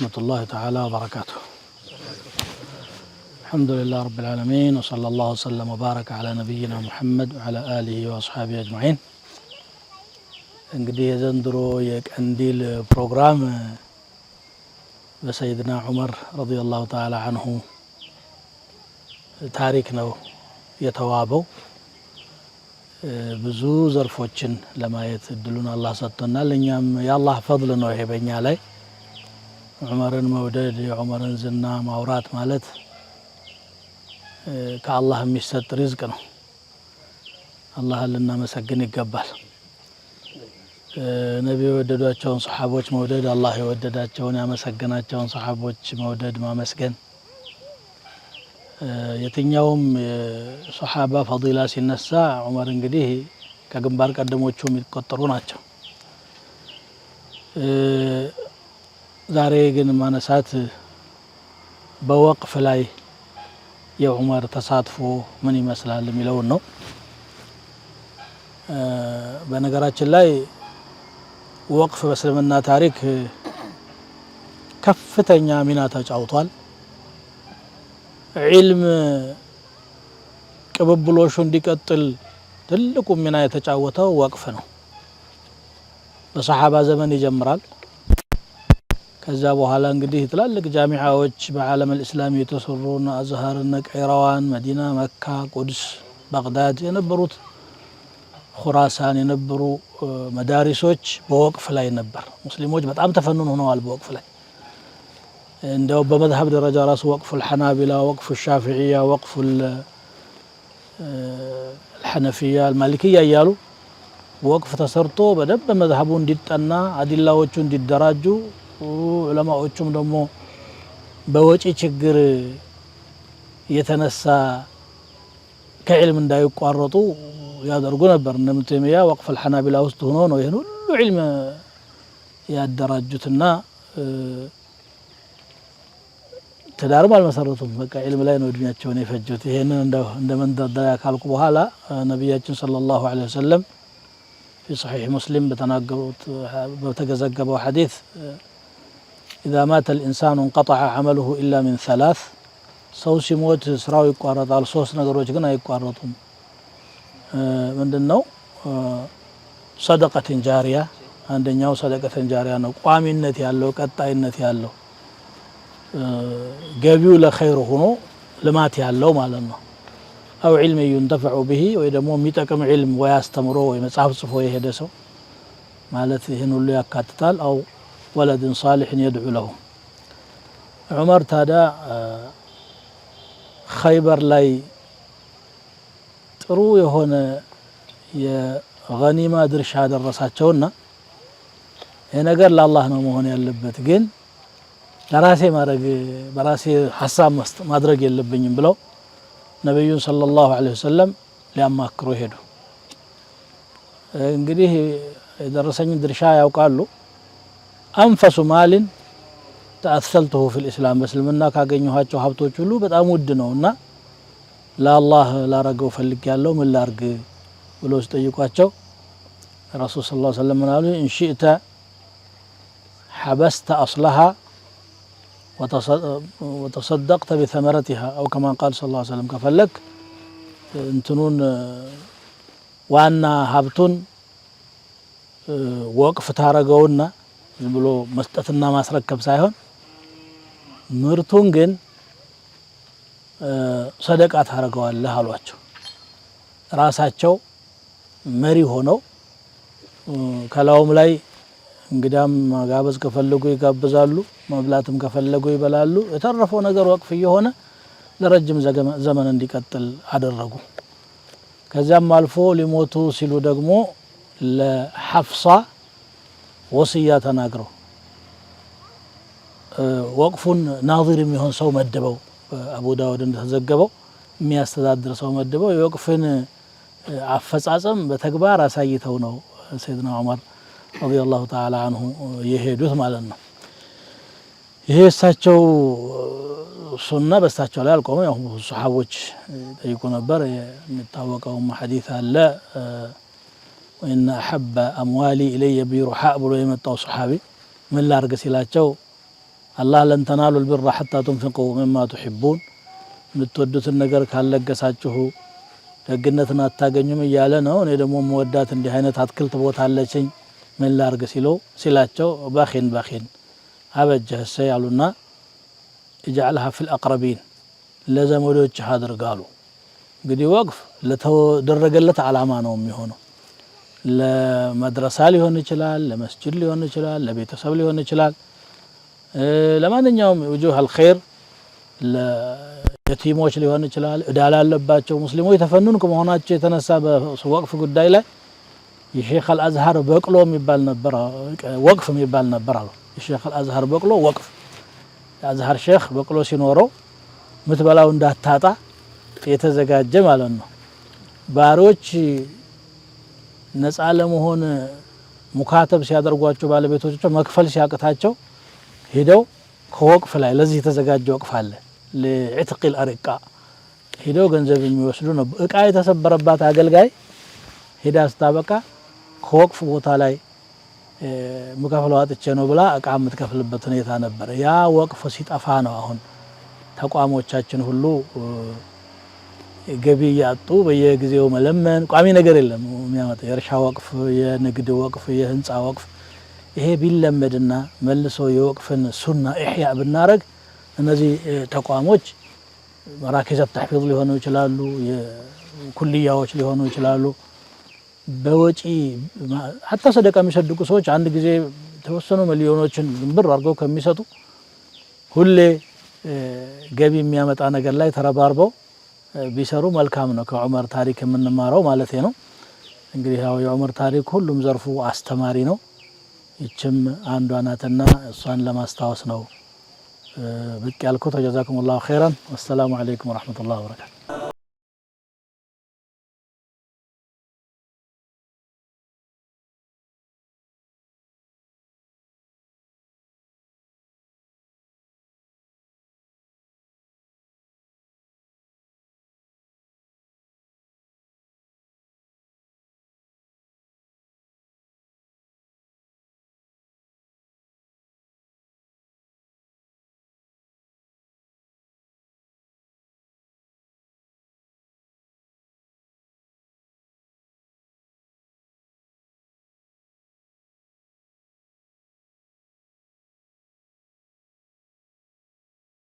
ورحمة الله تعالى وبركاته الحمد لله رب العالمين وصلى الله وسلم وبارك على نبينا محمد وعلى آله وأصحابه أجمعين انقدي زندرو يك عندي البروغرام بسيدنا عمر رضي الله تعالى عنه تاريخنا يتوابو بزوز الفوتشن لما يتدلون الله ستنا لنيام يا الله فضلنا وهي بيني عليه ዑመርን መውደድ የዑመርን ዝና ማውራት ማለት ከአላህ የሚሰጥ ሪዝቅ ነው። አላህን ልናመሰግን ይገባል። ነቢ የወደዷቸውን ሰሓቦች መውደድ፣ አላህ የወደዳቸውን ያመሰገናቸውን ሰሓቦች መውደድ ማመስገን። የትኛውም ሰሓባ ፈዲላ ሲነሳ ዑመር እንግዲህ ከግንባር ቀደሞቹ የሚቆጠሩ ናቸው። ዛሬ ግን ማነሳት በወቅፍ ላይ የዑመር ተሳትፎ ምን ይመስላል የሚለውን ነው። በነገራችን ላይ ወቅፍ በእስልምና ታሪክ ከፍተኛ ሚና ተጫውቷል። ዒልም ቅብብሎሹ እንዲቀጥል ትልቁ ሚና የተጫወተው ወቅፍ ነው። በሰሓባ ዘመን ይጀምራል። ከዛ በኋላ እንግዲህ ትላልቅ ጃሚዓዎች በዓለም ልእስላም የተሰሩ እነ አዝሀር፣ እነ ቀይራዋን፣ መዲና፣ መካ፣ ቁድስ፣ ባግዳድ የነበሩት ሁራሳን የነበሩ መዳሪሶች በወቅፍ ላይ ነበር። ሙስሊሞች በጣም ተፈኑን ሆነዋል በወቅፍ ላይ እንደው በመዝሀብ ደረጃ ራሱ ወቅፉ ልሐናቢላ፣ ወቅፉ ሻፊዕያ፣ ወቅፉ ልሐነፊያ፣ አልማሊክያ እያሉ ወቅፍ ተሰርቶ በደንብ መዝሀቡ እንዲጠና አዲላዎቹ እንዲደራጁ ዑለማዎቹም ደግሞ በወጪ ችግር የተነሳ ከዕልም እንዳይቋረጡ ያደርጉ ነበር። እነ ኢብኑ ተይሚያ ወቅፍ አልሐናቢላ ውስጥ ሆኖ ነው ይህን ሁሉ ዕልም ያደራጁትና ትዳርም አልመሰረቱም። በቃ ዕልም ላይ ነው እድሜያቸውን የፈጁት። ይህንን እንደ መንደርደሪያ ካልኩ በኋላ ነቢያችን ሰለላሁ ዐለይሂ ወሰለም ፊ ሰሒሕ ሙስሊም በተናገሩት በተገዘገበው ሐዲት ኢዛ ማተ ልኢንሳኑ እንቀጠዐ ዐመልሁ ኢላ ሚን ሰላስ ሰው ሲሞት ስራው ይቋረጣል። ሶስት ነገሮች ግን አይቋረጡም። ምንድን ነው? ሰደቀትን ጃሪያ አንደኛው ሰደቀትን ጃሪያ ነው። ቋሚነት ያለው ቀጣይነት ያለው ገቢው ለኸይር ሆኖ ልማት ያለው ማለት ነው። አው ዒልም ዩንተፈዑ ብሂ ወይ ደግሞ የሚጠቅም ዒልም ወይ አስተምሮ ወይ መጽሐፍ ጽፎ የሄደ ሰው ማለት ይህን ሁሉ ያካትታል። አው ወለድን ሳሊሕን የድዑ ለሁ። ዑመር ታዲያ ኸይበር ላይ ጥሩ የሆነ የገኒማ ድርሻ ደረሳቸውና ይህ ነገር ለአላህ ነው መሆን ያለበት፣ ግን ለራሴ ማድረግ በራሴ ሀሳብ ማድረግ የለብኝም ብለው ነቢዩን ሰለላሁ ዐለይሂ ወሰለም ሊያማክሩ ሄዱ። እንግዲህ የደረሰኝን ድርሻ ያውቃሉ አንፈሱ ማልን ተአሰልተሁ ፊል ኢስላም በእስልምና ካገኘኋቸው ሀብቶች ሁሉ በጣም ውድ ነው እና ለአላህ ላረገው ፈልግ ያለው ምን ላርግ ብሎ ሲጠይቋቸው ረሱል ስ ላ ስለም ምናሉ እንሽእተ ሐበስተ አስለሃ ወተሰደቅተ ቢተመረቲሃ አው ከማ ቃል ስ ላ ስለም ከፈለግ እንትኑን ዋና ሀብቱን ወቅፍ ታረገውና ዝም ብሎ መስጠትና ማስረከብ ሳይሆን ምርቱን ግን ሰደቃ ታደርገዋለህ አሏቸው። ራሳቸው መሪ ሆነው ከላዩም ላይ እንግዳም ማጋበዝ ከፈለጉ ይጋብዛሉ፣ መብላትም ከፈለጉ ይበላሉ። የተረፈው ነገር ወቅፍ እየሆነ ለረጅም ዘመን እንዲቀጥል አደረጉ። ከዚያም አልፎ ሊሞቱ ሲሉ ደግሞ ለሐፍሳ ወስያ ተናግረው ወቅፉን ናዚር የሚሆን ሰው መድበው አቡ ዳውድ እንደተዘገበው የሚያስተዳድር ሰው መድበው የወቅፍን አፈጻጸም በተግባር አሳይተው ነው ሰይድና ዑመር ረዲየላሁ ተዓላ አንሁ የሄዱት ማለት ነው። ይሄ እሳቸው ሱና በእሳቸው ላይ አልቆመ። ያው ሰሓቦች ጠይቁ ነበር። የሚታወቀውም ሐዲት አለ ወይና አሐበ አምዋሊ ኢለየ ቢሩሓ ብሎ የመጣው ሰሓቢ ምን ላርግ ሲላቸው አላህ ለን ተናሉ ልብራ ሐታ ቱንፊቁ ምማ ቱሒቡን የምትወዱትን ነገር ካልለገሳችሁ ደግነትን አታገኙም እያለ ነው። እኔ ደግሞ መወዳት እንዲህ አይነት አትክልት ቦታ አለችኝ ምን ላርግ ሲለው ሲላቸው ባኺን ባኺን አበጀህ እሰይ አሉና እጃዕልሃ ፊል አቅረቢን ለዘመዶችህ አድርጋሉ። እንግዲህ ወቅፍ ለተደረገለት ዓላማ ነው የሚሆነው። ለመድረሳ ሊሆን ይችላል፣ ለመስጅድ ሊሆን ይችላል፣ ለቤተሰብ ሊሆን ይችላል። ለማንኛውም ውጁህ አልኸይር የቲሞች ሊሆን ይችላል። እዳ ላለባቸው ሙስሊሞች የተፈኑን ከመሆናቸው የተነሳ በወቅፍ ጉዳይ ላይ የሼክ አልአዝሀር በቅሎ የሚባል ነበር፣ ወቅፍ የሚባል ነበር አሉ። የሼክ አልአዝሀር በቅሎ ወቅፍ፣ የአዝሀር ሼክ በቅሎ ሲኖረው ምትበላው እንዳታጣ የተዘጋጀ ማለት ነው ባሪዎች ነፃ ለመሆን ሙካተብ ሲያደርጓቸው ባለቤቶቻቸው መክፈል ሲያቅታቸው ሄደው ከወቅፍ ላይ ለዚህ የተዘጋጀ ወቅፍ አለ። ለዕትቂል አሪቃ ሄደው ገንዘብ የሚወስዱ ነው። እቃ የተሰበረባት አገልጋይ ሄዳ ስታበቃ ከወቅፍ ቦታ ላይ ምከፍለው አጥቼ ነው ብላ እቃ የምትከፍልበት ሁኔታ ነበር። ያ ወቅፍ ሲጠፋ ነው አሁን ተቋሞቻችን ሁሉ ገቢ እያጡ በየጊዜው መለመን ቋሚ ነገር የለም የሚያመጣ የእርሻ ወቅፍ፣ የንግድ ወቅፍ፣ የህንፃ ወቅፍ ይሄ ቢለመድና መልሶ የወቅፍን ሱና ኢሕያ ብናረግ እነዚህ ተቋሞች መራኬዘ ተሕፊዝ ሊሆኑ ይችላሉ፣ ኩልያዎች ሊሆኑ ይችላሉ። በወጪ ሀታ ሰደቃ የሚሰድቁ ሰዎች አንድ ጊዜ ተወሰኑ ሚሊዮኖችን ብር አድርገው ከሚሰጡ ሁሌ ገቢ የሚያመጣ ነገር ላይ ተረባርበው ቢሰሩ መልካም ነው። ከዑመር ታሪክ የምንማረው ማለት ነው። እንግዲህ ያው የዑመር ታሪክ ሁሉም ዘርፉ አስተማሪ ነው። ይችም አንዷ ናትና እሷን ለማስታወስ ነው ብቅ ያልኩት። ወጀዛኩም ላሁ ኸይራን። ወሰላሙ አለይኩም ወረሕመቱላህ ወበረካቱ